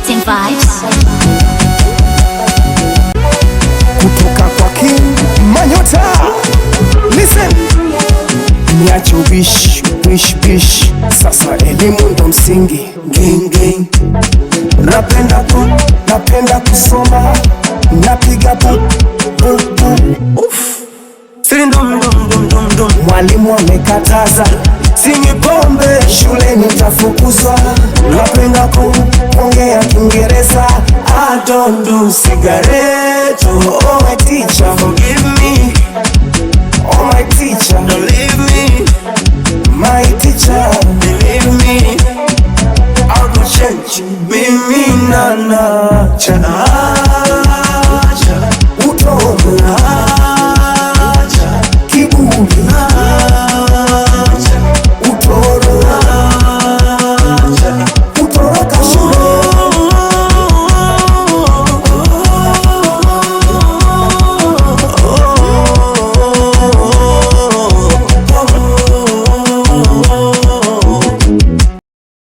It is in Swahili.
uplifting vibes. Kutoka kwa King Manyota. Listen. Niache ubishi, bish bish. Sasa elimu ndo msingi. Gang gang. Napenda ku, napenda kusoma. Napiga bu, bu, bu. Uff. Sindum dum dum dum dum. Mwalimu amekataza. Sini pombe, shule nitafukuzwa. Napenda ku kuongea Kiingereza I don't do cigarette oh, oh my teacher forgive me Oh my teacher don't leave me My teacher believe me I change mimi nana cha